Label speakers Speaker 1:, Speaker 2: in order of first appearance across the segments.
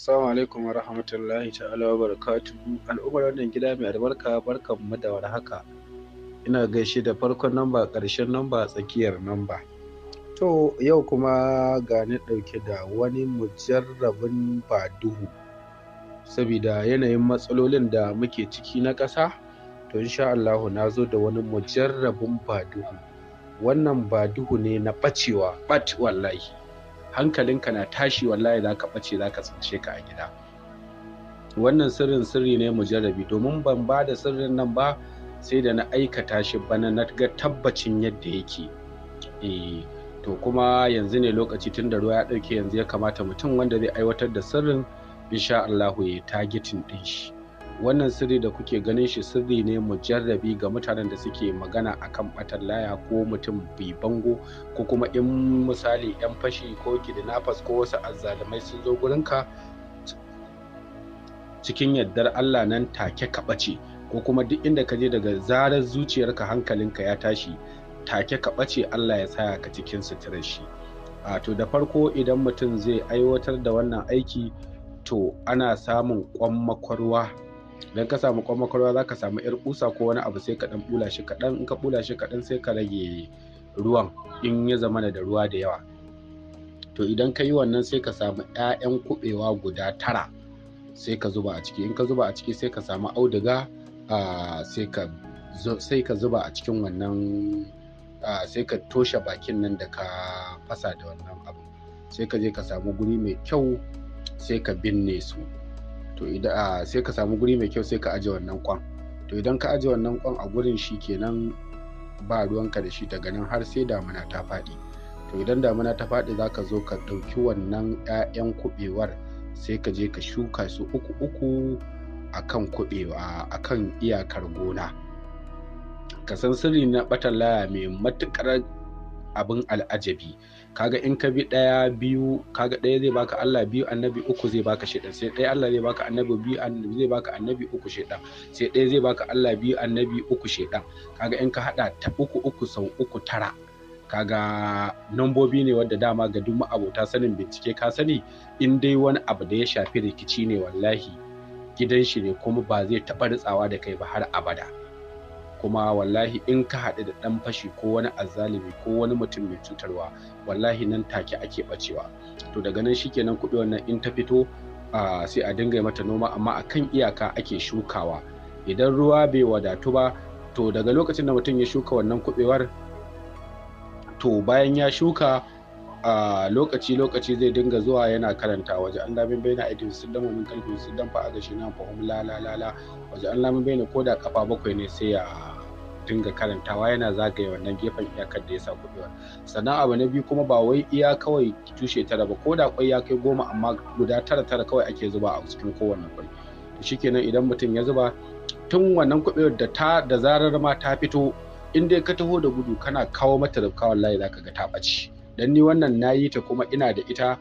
Speaker 1: Assalamu alaikum wa rahmatullahi ta'ala wa barakatuhu. Al'ummar wannan gida mai albarka barkan mu da warhaka. Ina gaishe da farkon namba ƙarshen namba tsakiyar namba. To yau kuma ga ni ɗauke da wani mujarrabin ba duhu. Sabida yanayin matsalolin da muke ciki na ƙasa, to insha Allahu na zo da wani mujarrabin ba duhu. Wannan ba duhu ne na ɓacewa, ɓat wallahi. hankalinka na tashi wallahi za ka ɓace za ka tsince ka a gida wannan sirrin sirri ne mujarrabi domin ban ba da sirrin nan ba sai da na aikata shi bana na ga tabbacin yadda yake E, to kuma yanzu ne lokaci tun da ruwa ya ɗauke yanzu ya kamata mutum wanda zai aiwatar da sirrin insha Allahu ya targeting ɗin shi wannan sirri da kuke ganin shi sirri ne mujarrabi ga mutanen da suke magana akan batar laya ko mutum bi bango ko kuma in misali yan fashi ko kidnappers ko wasu azzalumai sun zo gurinka cikin yardar Allah nan take ka ɓace ko kuma duk inda ka je daga zarar zuciyarka hankalinka ya tashi take ka ɓace Allah ya saya ka cikin suturar shi a to da farko idan mutum zai aiwatar da wannan aiki to ana samun ƙwan makwarwa idan ka samu kwamakwarwa za ka samu yar kusa ko wani abu sai ka dan bula shi kaɗan in ka bula shi kaɗan sai ka rage ruwan in ya zama zamana da ruwa da yawa to idan ka yi wannan sai ka samu 'ya'yan kuɓewa guda tara sai ka zuba a ciki in ka zuba a ciki sai ka samu auduga sai ka zuba a cikin wannan sai ka toshe bakin nan da ka fasa da wannan abu sai ka je ka samu guri mai kyau sai ka binne su to idan ah, sai ka samu guri mai kyau sai ka aje wannan kwan to idan ka aje wannan kwan a gurin shi kenan ba ruwanka da shi daga nan har sai damuna ta faɗi to idan damuna ta faɗi za ka zo ka ɗauki wannan 'ya'yan kuɓewar sai ka je ka shuka su uku uku a kan kuɓewa a kan iyakar gona ka san sirri na ɓatan laya mai matuƙar abin al'ajabi kaga in ka bi ɗaya biyu kaga ɗaya zai baka Allah biyu annabi uku zai baka shaidan sai ɗaya Allah zai baka annabi biyu annabi zai baka annabi uku shaidan sai ɗaya zai baka Allah biyu annabi uku shaidan kaga in ka hada ta uku uku sau uku tara kaga nambobi ne wadda dama ga duk ma'abota sanin bincike ka sani in dai wani abu da ya shafi rikici ne wallahi gidan shi ne kuma ba zai taɓa ritsawa da kai ba har abada kuma wallahi in ka haɗu da ɗan fashi ko wani azzalimi ko wani mutum mai cutarwa wallahi nan take ake ɓacewa to daga nan shikenan kuɗi wannan in ta fito sai a dinga mata noma amma a kan iyaka ake shukawa idan ruwa bai wadatu ba to daga lokacin da mutum ya shuka wannan kuɓewar to bayan ya shuka a lokaci lokaci zai dinga zuwa yana karanta waje an lamin bai na aidin sun dama min kalbin sun dan fa a gashi na fahim la la la waje an lamin bai na koda kafa bakwai ne sai ya dinga karantawa yana zagaye wannan gefen iyakar da ya sa kubewa sannan abu na biyu kuma ba wai iya kawai tushe tara ba ko da kwai ya kai goma amma guda tara tara kawai ake zuba a cikin kowane kwai shikenan idan mutum ya zuba tun wannan kubewar da ta da zarar ma ta fito in dai ka taho da gudu kana kawo mata rubkawan layi zaka ga ta ɓaci dan ni wannan nayi ta kuma ina da ita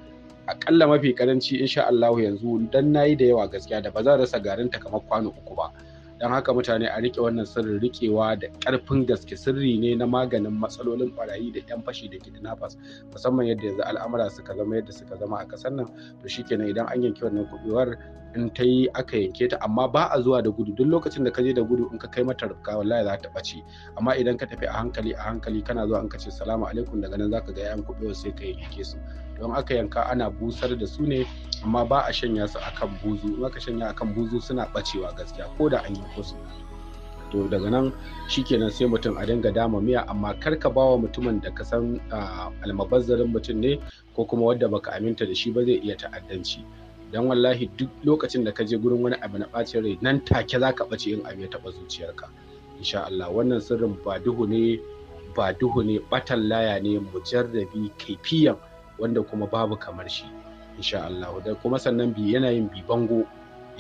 Speaker 1: akalla mafi karanci insha Allah yanzu dan nayi da yawa gaskiya da ba zan rasa ta kamar kwano uku ba don haka mutane a rike wannan sirrin rikewa da karfin gaske sirri ne na maganin matsalolin barayi da yan fashi da kidnappers musamman yadda yanzu al'amura suka zama yadda suka zama a kasar nan to shikenan idan an yanke wannan kubewar in ta yi aka yanke ta amma ba a zuwa da gudu duk lokacin da ka je da gudu in ka kai mata rubka wallahi za ta ɓace amma idan ka tafi a hankali a hankali kana zuwa in ka ce salamu alaikum daga nan zaka ga yayan kuɓewa sai ka yanke su don aka yanka ana busar da su ne amma ba a shanya su akan buzu in aka shanya akan buzu suna ɓacewa gaskiya ko da an yanko su to daga nan shikenan sai mutum a dinga dama miya amma kar ka bawa mutumin da ka san ah, almabazzarin mutum ne ko kuma wadda baka aminta da shi ba zai iya ta'addanci dan wallahi duk lokacin da ka je gurin wani abu na bacin rai nan take za ka ɓace in abu ya taɓa zuciyarka insha Allah wannan sirrin ba duhu ne ba duhu ne batan laya ne mujarrabi kaifiyan wanda kuma babu kamar shi insha Allah da kuma sannan bi yana yin bi bango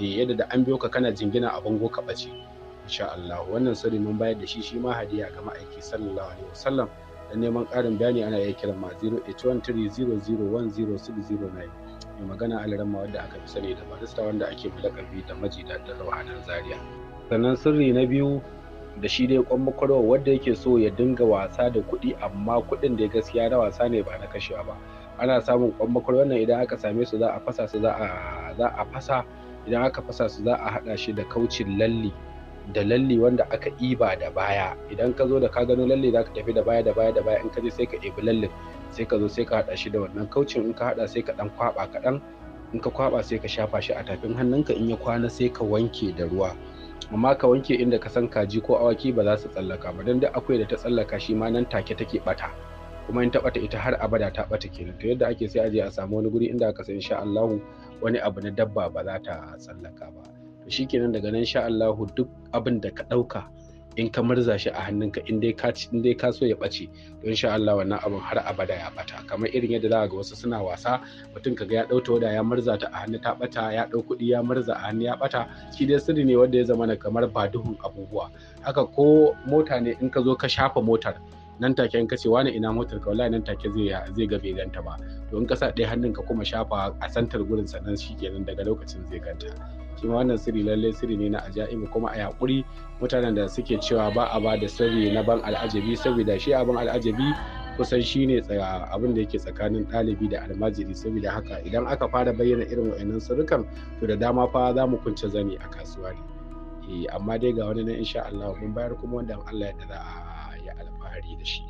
Speaker 1: eh yadda da an biyo ka kana jingina a bango ka ɓace insha Allah wannan sirri mun bayar da shi shi ma hadiya ga ma'aiki sallallahu alaihi wasallam dan neman ƙarin bayani ana iya kiran ma 08130010609 mai magana ma wadda aka fi sani da barista wanda ake lakabi da maji da rawanar zaria sannan sirri na biyu da shi dai kwan wanda yake so ya dinga wasa da kuɗi amma kuɗin da gaskiya na wasa ne ba na kashewa ba ana samun kwan nan idan aka same su za a fasa su za a fasa idan aka fasa su za a haɗa shi da kaucin lalli da lalle wanda aka iba da baya idan ka zo da ka gano lalle za ka tafi da baya da baya da baya in ka je sai ka ɗebi lalle sai ka zo sai ka haɗa shi da wannan kaucin in ka haɗa sai ka ɗan kwaɓa kaɗan in ka kwaɓa sai ka shafa shi a tafin hannunka in ya kwana sai ka wanke da ruwa amma ka wanke inda ka san kaji ko awaki ba za su tsallaka ba don duk akwai da ta tsallaka shi ma nan take take ɓata kuma in ta bata ita har abada ta ɓata kenan to yadda ake sai a je a samu wani guri inda aka san insha Allahu wani abu na dabba ba za ta tsallaka ba shikenan daga nan sha duk abin da ka ɗauka in ka murza shi a hannunka in dai ka so ya ɓace don sha Allah wannan abin har abada ya ɓata kamar irin yadda za ga wasu suna wasa mutum kaga ya ɗauta wada ya murza ta a hannu ta ɓata ya ɗau kuɗi ya murza a hannu ya ɓata shi dai sirri ne wanda ya zama na kamar ba duhun abubuwa haka ko mota ne in ka zo ka shafa motar nan take in ka ce wani ina motar ka wallahi nan take zai zai ga bai ganta ba to in ka sa ɗaya hannun ka kuma shafa a santar gurin sannan shikenan daga lokacin zai ganta shi wannan sirri lallai sirri ne na ajaibu kuma a yakuri mutanen da suke cewa ba a ba da sirri na ban al'ajabi saboda shi abin al'ajabi kusan shi ne abin da yake tsakanin ɗalibi da almajiri saboda haka idan aka fara bayyana irin wa'annan sirrukan to da dama fa za mu kunce zani a kasuwa ne eh, amma dai ga wani na insha Allah mun bayar kuma wanda Allah ya da za a yi alfahari da shi